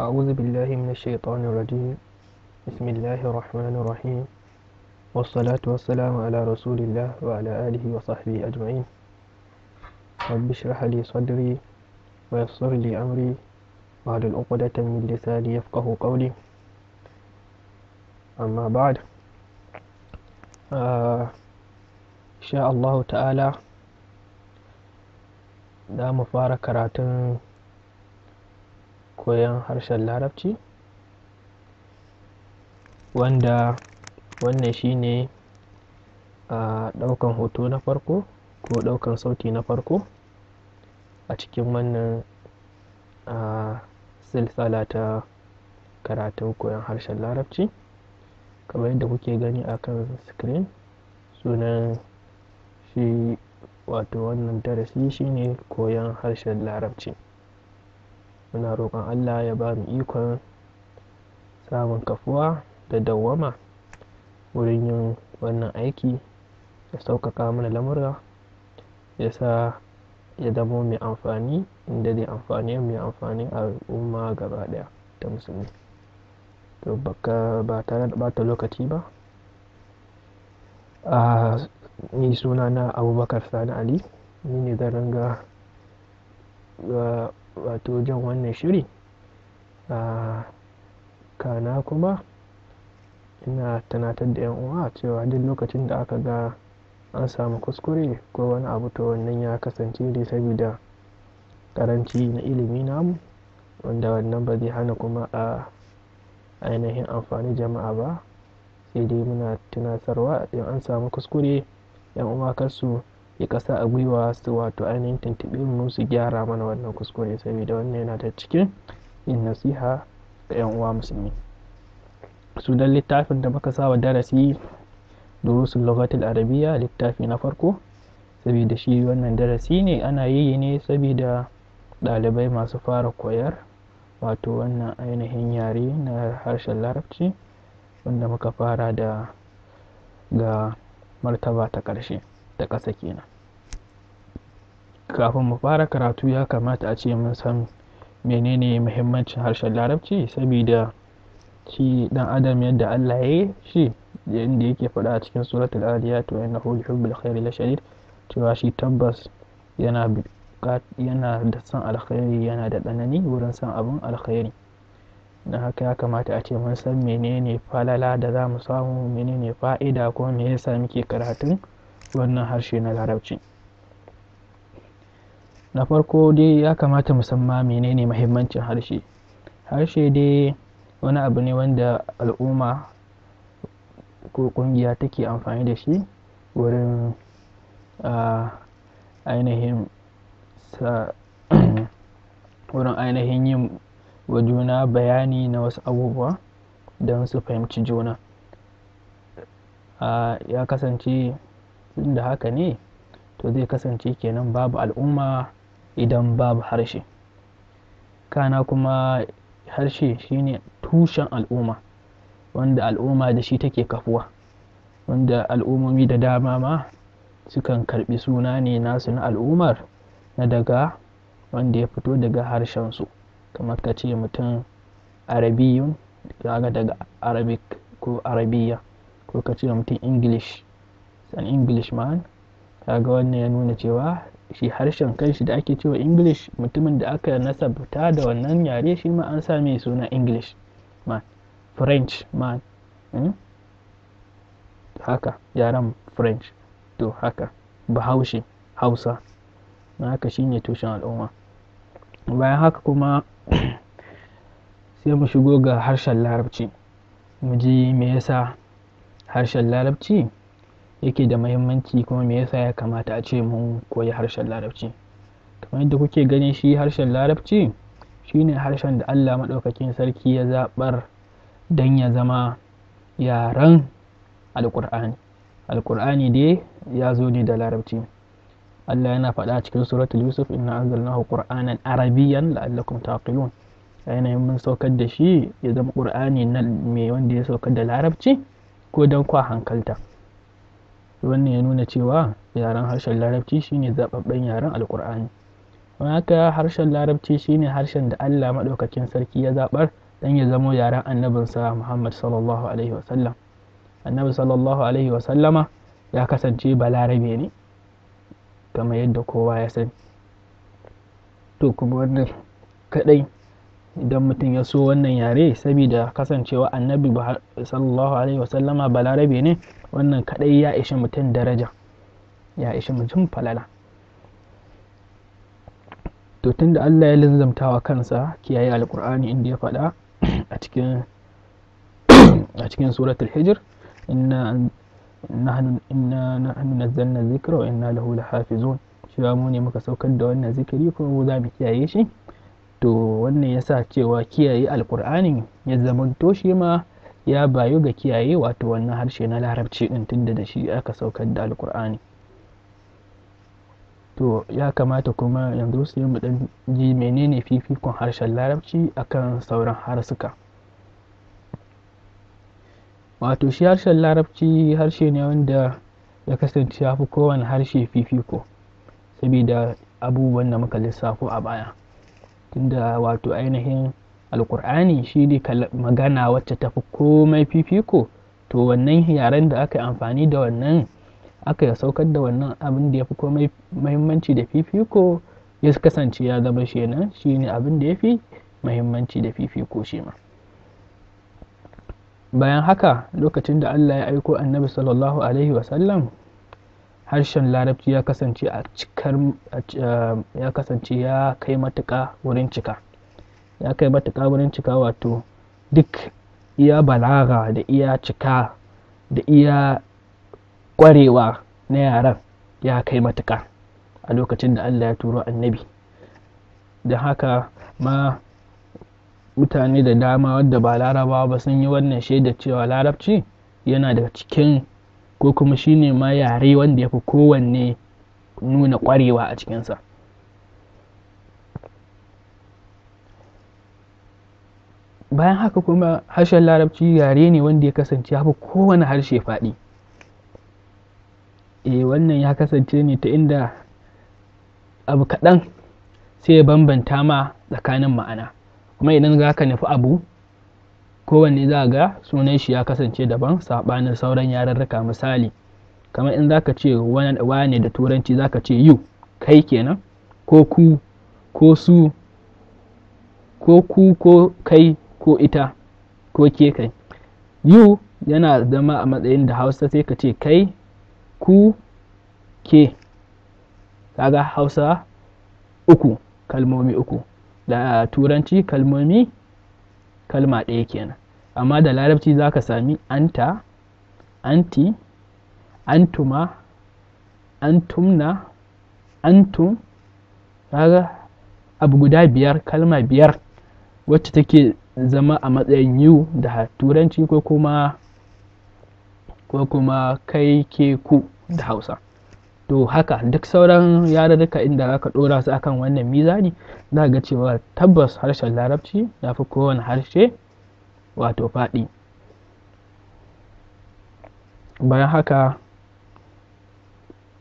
أعوذ بالله من الشيطان الرجيم بسم الله الرحمن الرحيم والصلاة والسلام على رسول الله وعلى آله وصحبه أجمعين رب اشرح لي صدري ويسر لي أمري واحلل عقدة من لساني يفقه قولي أما بعد آه إن شاء الله تعالى za mu fara karatun koyon harshen larabci wanda wannan shine a ɗaukan hoto na farko ko ɗaukan sauti na farko a cikin wannan a silsala ta karatun koyan harshen larabci kamar yadda kuke gani a kan screen sunan shi wato wannan darasi shine koyon harshen larabci muna roƙon allah ya ba mu ikon samun kafuwa da dawwama wurin yin wannan aiki ya sauƙaƙa mana lamura ya sa ya zama mai amfani inda zai amfani mai amfani a al'umma gaba ɗaya ta musulmi to baka ba tare da bata lokaci ba a ni suna na abubakar sani ali ni ne zan ringa wato jan wannan shiri a kana kuma ina tunatar da 'yan uwa cewa duk lokacin da aka ga an samu kuskure ko wani abu to wannan ya kasance ne saboda karanci na ilimi namu wanda wannan ba zai hana kuma a ainihin amfani jama'a ba sai dai muna tunatarwa in an samu kuskure 'yan uwa kasu su ya ƙasa a gwiwa su wato ainihin tuntuɓe mu su gyara mana wannan kuskure saboda wannan yana ta cikin yin nasiha ga 'yan uwa musulmi su dan littafin da muka saba darasi durusun lokacin arabiya littafi na farko saboda shi wannan darasi ne ana yi ne saboda ɗalibai masu fara koyar wato wannan ainihin yare na harshen larabci wanda muka fara da ga martaba ta ƙarshe da ƙasa kenan kafin mu fara karatu ya kamata a ce mun san menene muhimmancin harshen larabci saboda shi dan adam yadda Allah ya yi shi inda yake faɗa a cikin suratul adiyat wa innahu yuhibbul khairi la shadid cewa shi tabbas yana yana da san alkhairi yana da tsanani wurin san abun alkhairi na haka ya kamata a ce mun san menene falala da za mu samu menene fa'ida ko me yasa muke karatun wannan harshe na larabci na farko dai ya kamata musamman menene mahimmancin harshe harshe dai wani abu ne wanda al'umma ko kungiya take amfani da shi wurin ainihin sa wurin ainihin yin wa juna bayani na wasu abubuwa don su fahimci juna ya kasance duk da haka ne to zai kasance kenan babu al'umma idan babu harshe kana kuma harshe shine tushen al'umma wanda al'umma da shi take kafuwa wanda al'ummomi da dama ma sukan karbi suna ne nasu na al'ummar na daga wanda ya fito daga harshensu kamar ka ce mutum arabiyun daga arabic ko arabiya ko ka ce mutum english an englishman ga wannan ya nuna cewa shi harshen kanshi da ake cewa english mutumin da aka nasabta da wannan yare shi ma an same suna english man french man hmm? haka yaren french to haka bahaushe hausa na haka shi ne tushen al'umma bayan haka kuma sai mu shigo ga harshen larabci mu ji me yasa harshen larabci yake da mahimmanci kuma me yasa ya kamata a ce mun koyi harshen larabci kamar yadda kuke gani shi harshen larabci shine harshen da allah maɗaukakin sarki ya zaɓar don ya zama yaren alƙur'ani alƙur'ani dai ya zo ne da larabci allah yana faɗa a cikin suratul yusuf inna anzalnahu qur'anan arabiyan la'allakum taqilun yanayin mun saukar da shi ya zama ƙur'ani na mai wanda ya saukar da larabci ko don kwa hankalta wannan ya nuna cewa yaren harshen larabci shine zaɓaɓɓen yaren alkur'ani don haka harshen larabci shine harshen da allah maɗaukakin sarki ya zaɓar don ya zamo yaren annabinsa muhammad sallallahu alaihi wasallam annabi sallallahu alaihi wasallama ya kasance balarabe ne kamar yadda kowa ya sani to kuma wannan kaɗai idan mutum ya so wannan yare saboda kasancewa annabi sallallahu alaihi wasallama balarabe ne wannan kadai ya ishi mutum daraja ya ishi mutum falala to tunda Allah ya linzamtawa kansa kiyaye alkur'ani inda ya faɗa a cikin a cikin suratul hijr inna nahnu inna nahnu nazzalna dhikra wa inna lahu lahafizun cewa mu ne muka saukar da wannan zikiri kuma mu za mu kiyaye shi to wannan ya sa cewa kiyaye alkur'ani ya zamanto toshe ma ya bayu ga kiyaye wato wannan harshe na larabci ɗin tunda da shi aka saukar da alkur'ani to ya kamata kuma yanzu su yi dan ji menene fifikon harshen larabci akan sauran harsuka wato shi harshen larabci harshe ne wanda ya kasance ya fi kowane harshe fifiko saboda abubuwan da muka lissafo a baya da wato ainihin alkur'ani shi ne magana wacce ta fi komai fifiko to wannan yaren da aka yi amfani da wannan aka yi saukar da wannan abin da ya fi komai mahimmanci da fifiko ya kasance ya zama shi nan shi ne abin da ya fi mahimmanci da fifiko shi ma bayan haka lokacin da allah ya aiko annabi sallallahu alaihi wasallam harshen larabci ya kasance a cikar ya kasance ya kai matuƙa wurin cika ya kai matuƙa wurin cika wato duk iya balaga da iya cika da iya ƙwarewa na yaran ya kai matuka a lokacin da Allah ya turo annabi da haka ma mutane da dama wadda ba larabawa ba sun yi wannan shaida cewa larabci yana da cikin ko kuma shi ne ma yare wanda ya fi kowanne nuna kwarewa a cikinsa bayan haka kuma harshen larabci yare ne wanda ya kasance hafi kowane harshe faɗi e wannan ya kasance ne ta inda abu kaɗan sai ya bambanta ma tsakanin ma'ana kuma idan za ka nufi abu kowanne za ga sunan shi ya kasance daban saɓanin sauran yararraka misali kamar in za ka ce wane da turanci za ka ce yu kai kenan ko ku ko su ko ku ko kai ko ita ko ke kai you yana zama a matsayin da hausa sai ka ce kai ku ke kaga hausa uku kalmomi uku da turanci kalmomi kalma ɗaya kenan amma da larabci za ka sami anta anti antuma antumna antum kaga abu guda biyar kalma biyar wacce take zama a matsayin yiwu da turanci kuma ko kuma kai ke ku da hausa to haka duk sauran yarurruka inda aka ɗora su akan wannan mizani za ga cewa tabbas harshen larabci ya fi kowane harshe wato faɗi bayan haka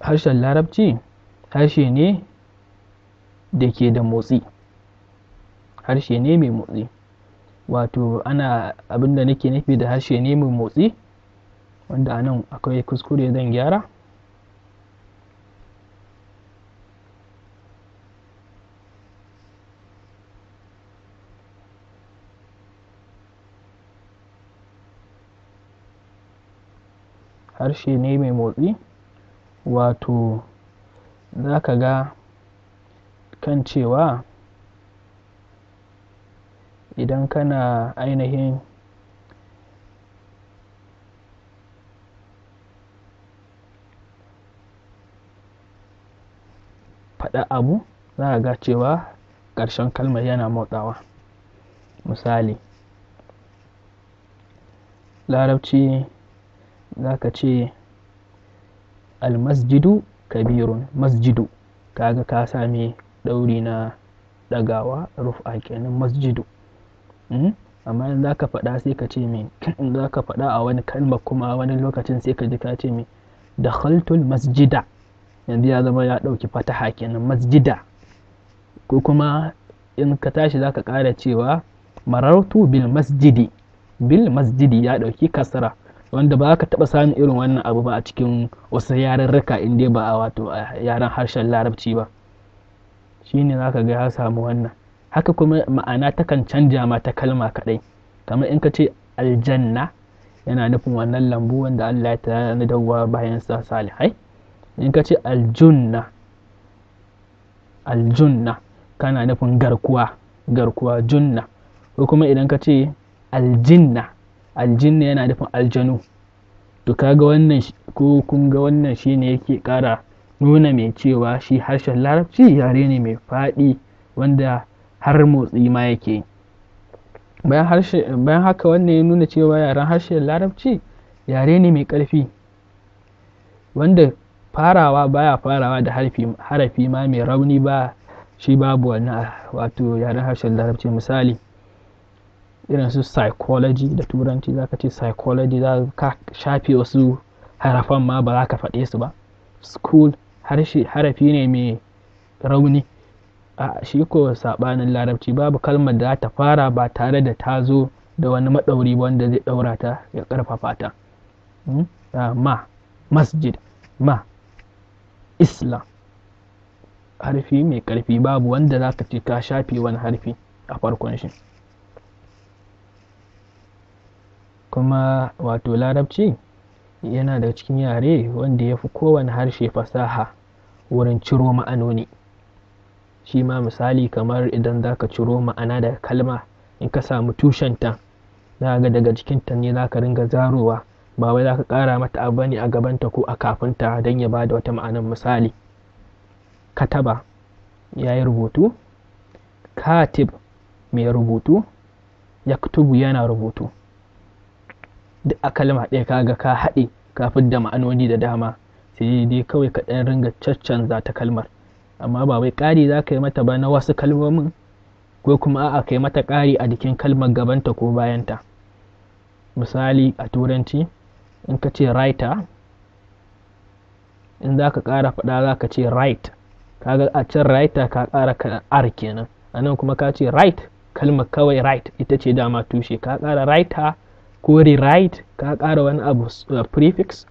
harshen larabci harshe ne da ke da motsi harshe ne mai motsi wato ana abinda nake nufi da harshe ne mai motsi wanda anan akwai kuskure zan gyara harshe ne mai motsi wato za ka ga kan cewa idan kana ainihin faɗa abu za ka ga cewa ƙarshen kalmar yana motsawa misali larabci za ka ce almasjidu kabirun masjidu ka ga ka sami ɗauri na ɗagawa rufa kenan masjidu hmm? amma in za ka faɗa sai ka ce mai in za ka faɗa a wani kalma kuma wani lokacin sai ka ji ka ce mai da masjida yanzu ya zama ya ɗauki fataha kenan masjida ko kuma in ka tashi za ka ƙara cewa marartu bil masjidi bil masjidi ya ɗauki kasara. wanda ba ka taɓa samun irin wannan abu ba a cikin wasu yararraka in dai ba a wato yaren harshen larabci ba Shi ne za ka ga ya samu wannan haka kuma ma'ana takan canja ma ta kalma kaɗai kamar in ka ce aljanna yana nufin wannan lambu wanda Allah ya na dawowa bayan sa salihai in ka ce aljunna aljunna kana nufin garkuwa garkuwa junna ko kuma idan ka ce aljinna aljinna yana nufin aljanu to kaga wannan ko kun ga wannan shine yake kara nuna mai cewa shi harshen larabci yare ne mai faɗi wanda har motsi ma yake bayan haka wannan ya nuna cewa yaren harshen larabci yare ne mai karfi wanda farawa baya farawa da harafi ma mai rauni ba shi babu wannan wato yaren harshen larabci misali irin su psychology da turanci za ka ce psychology za ka shafe wasu harafan ma ba za ka faɗe su ba school harafi ne mai rauni a shi ko saɓanin larabci babu kalmar da ta fara ba tare da ta zo da wani maɗauri wanda zai ɗaura ta ya ƙarfafa ta hmm? ma masjid ma islam harfi mai ƙarfi babu wanda za ka ce ka shafe wani harfi a farkon shi kuma wato larabci yana da cikin yare wanda ya fi kowane harshe fasaha wurin ciro ma'anoni shi ma misali kamar idan za ka ciro ma'ana da kalma in ka samu tushenta za ga daga cikinta ne za ka ringa zarowa ba wai za ka kara mata abu ne a gabanta ko a kafinta don ya ba da wata ma'anar misali kataba ya yi rubutu katib mai rubutu yaktubu yana rubutu duk a kalma ɗaya kaga ka haɗe kafin da ma'anoni da dama sai dai kawai ka ɗan ringa caccanza ta kalmar amma ba wai ƙari za ka yi mata ba na wasu kalmomin ko kuma a ka mata ƙari a jikin kalmar gabanta ko bayanta misali a turanci in ka ce writer in za ka ƙara faɗa za ka ce right kaga a can writer ka ƙara ka r kenan a nan kuma ka ce right kalmar kawai right ita ce dama tushe ka ƙara writer ko rewrite ka ƙara wani abu uh, prefix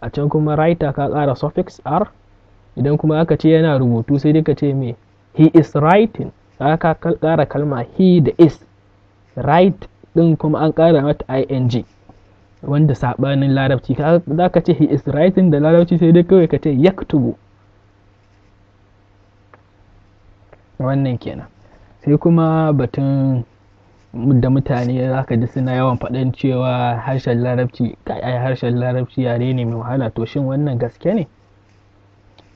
a can kuma writer ka ƙara suffix r idan kuma aka ce yana rubutu sai dai ka ce me he is writing ka ƙara kalma he da is write ɗin kuma an Kara mata ing wanda saɓanin larabci za ka ce he is writing da larabci sai dai kawai ka ce yaktubu wannan kenan sai kuma batun da mutane za ka ji suna yawan faɗan cewa harshen larabci ai harshen larabci yare ne mai wahala to shin wannan gaske ne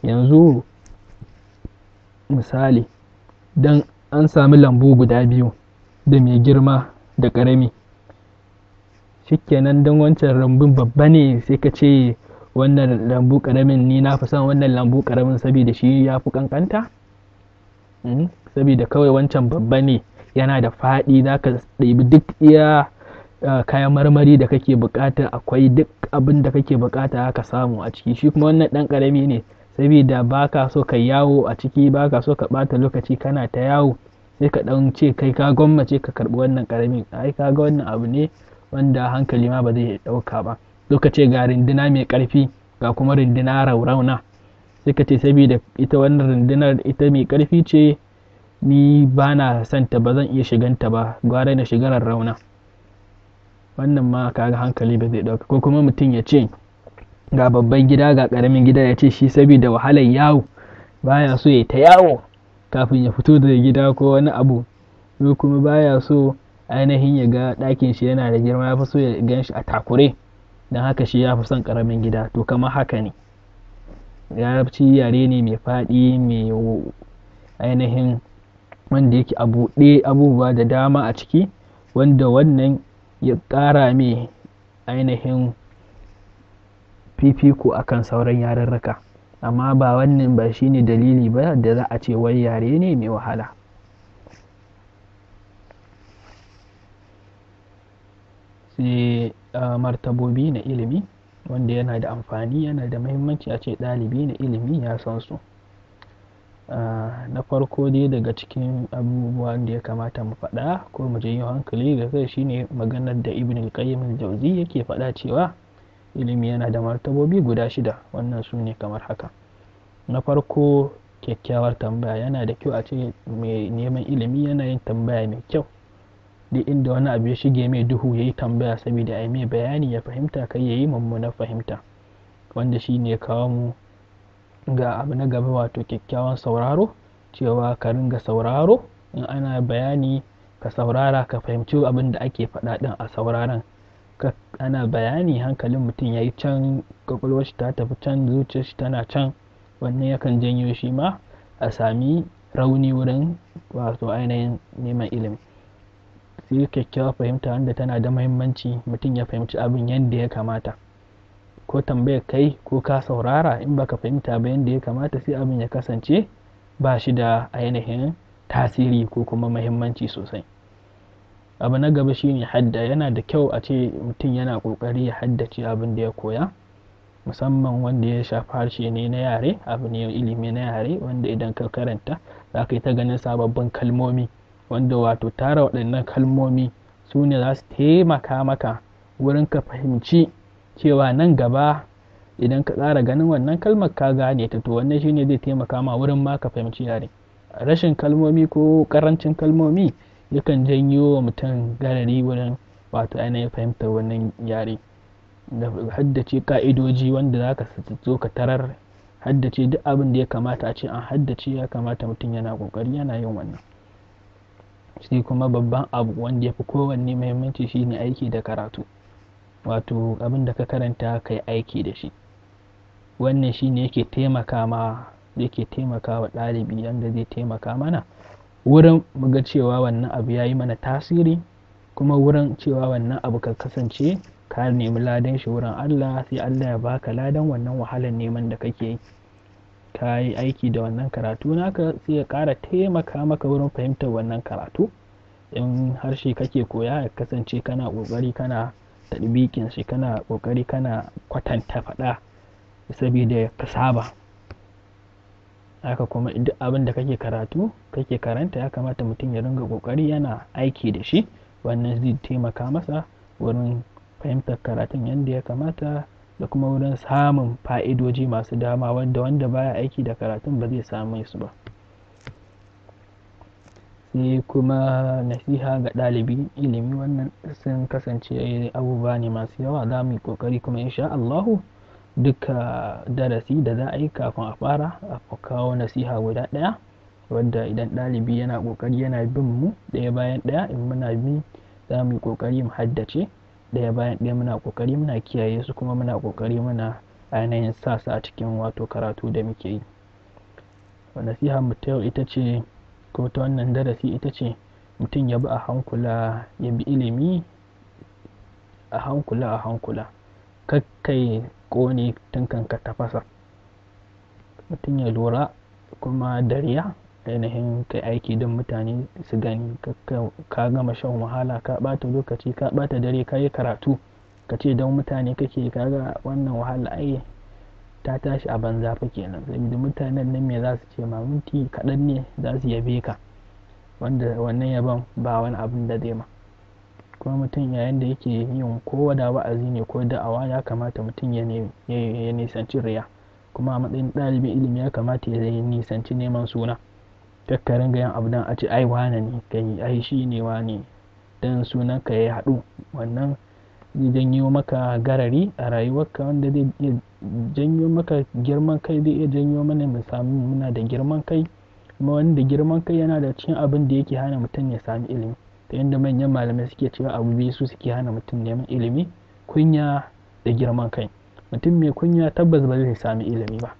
yanzu misali don an sami lambu guda biyu da mai girma da ƙarami shikenan don wancan lambun babba ne sai ka ce wannan lambu ƙaramin ni na fi son wannan lambu ƙaramin saboda shi ya fi kankanta hmm, saboda kawai wancan babba ne yana da faɗi za ka ɗabi duk iya eh, kayan marmari da kake bukata akwai duk abin da kake bukata ka samu a ciki shi kuma wannan ɗan ƙarami ne saboda ba ka so ka yawo a ciki ba ka so ka ɓata lokaci kana ta yawo sai ka ɗan ce kai ka gwammace ka karɓi wannan ƙarami ai ka ga wannan abu ne wanda hankali ma ba zai ɗauka ba lokaci ga rinduna mai ƙarfi ga kuma rinduna raurauna sai ka ce saboda ita wannan rundunar ita mai ƙarfi ce ni ba na santa ba zan iya shiganta ba gwara na shigarar rauna wannan ma kaga hankali ba zai dauka ko kuma mutum ya ce ga babban gida ga karamin gida ya ce shi saboda wahalar yawo baya so ya ta yawo kafin ya fito daga gida ko wani abu ko kuma baya so ainihin ya ga ɗakin shi yana da girma ya fi so ya gan shi a takure don haka shi ya fi son karamin gida to kama haka ne ya ci yare ne mai faɗi mai ainihin wanda yake a buɗe abubuwa da dama a ciki wanda wannan ya ƙara mai ainihin fifiko akan sauran yarurruka amma ba wannan ba shi ne dalili ba da za a ce wai yare ne mai wahala sai martabobi na ilimi wanda yana da amfani yana da mahimmanci a ce ɗalibi na ilimi ya san su Ah, na farko dai daga cikin abubuwan da ya kamata mu faɗa ko mu je yi hankali da kai shine maganar da ibn al-qayyim al-jawzi yake faɗa cewa ilimi yana da martabobi guda shida wannan su ne kamar haka na farko kyakkyawar tambaya yana da kyau a ce mai neman ilimi yana yin tambaya mai kyau duk inda wani abu ya shige mai duhu ya yi tambaya saboda a mai bayani ya fahimta kai ya yi mummunar fahimta wanda shi ne kawo mu ga abu na gaba wato kyakkyawan sauraro cewa ka ringa sauraro in ana bayani ka saurara ka fahimci abin da ake faɗa ɗin a sauraron ana bayani hankalin mutum ya yi can kwakwalwar shi ta tafi can zuciyar shi tana can wannan yakan janyo shi ma a sami rauni wurin wato ainihin neman ilimi sai kyakkyawa fahimta wanda tana da muhimmanci mutum ya fahimci abin yadda ya kamata ko tambayar kai ko ka saurara in baka fahimta ba yadda ya kamata sai abin ya kasance ba shi da ainihin tasiri ko kuma mahimmanci sosai abu na gaba shine hadda yana da kyau a ce mutum yana kokari ya haddace abin da ya koya musamman wanda ya shafi harshe ne na yare abu ne ilimi na yare wanda idan ka karanta za ka yi ta ganin sababbin kalmomi wanda wato tara waɗannan kalmomi su ne za su taimaka maka wurin ka fahimci cewa nan gaba idan ka tsara ganin wannan kalmar ka gane ta to wannan shine zai taimaka ma wurin ma ka fahimci yare rashin kalmomi ko karancin kalmomi yakan janyo wa mutum garari wurin wato ainihin fahimtar wannan yare da haddace ka'idoji wanda za ka zo ka tarar haddace duk abin da ya kamata a ce an haddace ya kamata mutum yana kokari yana yin wannan sai kuma babban abu wanda ya fi kowanne muhimmanci shine aiki da karatu wato abin da ka karanta ka yi aiki da shi wannan shi ne yake taimaka ma yake taimaka wa ɗalibi yadda zai taimaka mana wurin muga cewa wannan abu ya yi mana tasiri kuma wurin cewa wannan abu ka kasance ka nemi ladan shi wurin Allah sai Allah ya baka ladan wannan wahalar neman da kake yi ka yi aiki da wannan karatu naka sai ya kara taimaka maka wurin fahimtar wannan karatu in harshe kake koya ya kasance kana ƙoƙari kana tadbikin shi kana kokari kana kwatanta faɗa saboda ka saba haka kuma duk abin da kake karatu kake karanta ya kamata mutum ya ringa kokari yana aiki da shi wannan zai taimaka masa wurin fahimtar karatun yadda ya kamata da kuma wurin samun fa'idoji masu dama wanda wanda baya aiki da karatun ba zai same su ba sai kuma nasiha ga ɗalibi ilimi wannan sun kasance abubuwa ne masu yawa za mu yi ƙoƙari kuma insha Allahu duka darasi da za a yi kafin a fara a kawo nasiha guda ɗaya wadda idan ɗalibi yana ƙoƙari yana bin mu ɗaya bayan ɗaya in muna bi za mu yi ƙoƙari mu haddace ɗaya bayan ɗaya muna ƙoƙari muna kiyaye su kuma muna ƙoƙari muna ainihin sa su a cikin wato karatu da muke yi nasiha mu ta yau ita ce ko ta wannan darasi ita ce mutum ya bi a hankula ya bi ilimi a hankula a hankula kakkai kone tunkan ka tafasa mutum ya lura kuma dariya ainihin kai aiki don mutane su gani ka gama shan wahala ka bata lokaci ka bata dare ka yi karatu ka ce don mutane kake kaga wannan wahala ai ta tashi a banza fa kenan saboda mutanen nan me za su ce ma minti kaɗan ne za su yabe ka wanda wannan yaban ba wani abin da zai ma kuma mutum yayin da yake yin kowa da wa'azi ne ko da'awa ya kamata mutum ya nisanci riya kuma a matsayin ɗalibin ilimi ya kamata ya nisanci neman suna kakkarin ga yan abu don a ce ai wane ne kai ai shi ne wane don sunan ka ya haɗu wannan zai janyo maka garari a rayuwarka wanda zai iya janyo maka girman kai zai iya janyo mana mu samu muna da girman kai kuma wanda girman kai yana da cikin abin da yake hana mutum ya sami ilimi ta yadda manyan malamai suke cewa abu biyu su suke hana mutum neman ilimi kunya da girman kai mutum mai kunya tabbas ba zai sami ilimi ba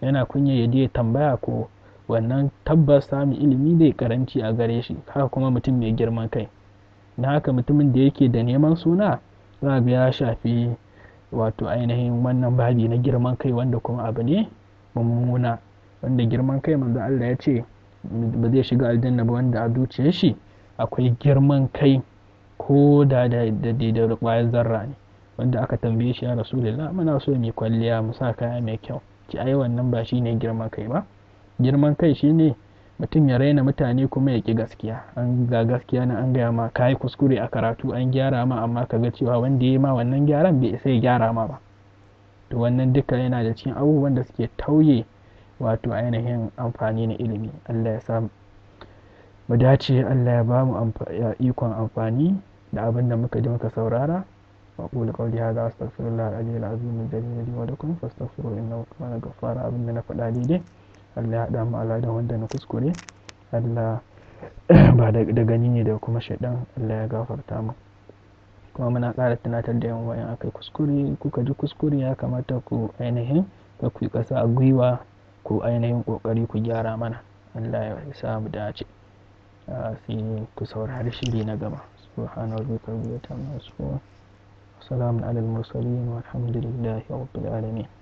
yana kunya ya je tambaya ko wannan tabbas samun ilimi zai karanci a gare shi haka kuma mutum mai girman kai na haka mutumin da yake da neman suna za ya shafi wato ainihin wannan babi na girman kai wanda kuma abu ne mummuna wanda girman kai manzo Allah ya ce ba zai shiga aljanna ba wanda a zuciyar shi akwai girman kai ko da da da kwayar zarra ne wanda aka tambaye shi ya rasulullah muna so mai kwalliya mu sa kaya mai kyau ki ai wannan ba shi ne girman kai ba girman kai shine mutum ya raina mutane kuma ya ki gaskiya an ga gaskiya na an gaya ma ka yi kuskure a karatu an gyara ma amma ka ga cewa wanda ya ma wannan gyaran bai isa gyara ma ba to wannan duka yana da cikin abubuwan da suke tauye wato ainihin amfani na ilimi allah ya samu mu dace allah ya ba mu ikon amfani da abin da muka ji muka saurara أقول قولي هذا أستغفر الله العلي العظيم الجليل لي ولكم na إنه abin da na نفع daidai. Allah ya haɗa mu ala da wanda na kuskure Allah ba da gani ne da kuma shaɗan Allah ya gafarta mu kuma muna ƙara tunatar da yan wayan akai kuskure kuka ji kuskure ya kamata ku ainihin ka ku ƙasa a gwiwa ku ainihin ƙoƙari ku gyara mana Allah ya sa mu dace sai ku saurari shiri na gaba سبحان ربك رب العزة عما يصفون وسلام على المرسلين والحمد لله رب العالمين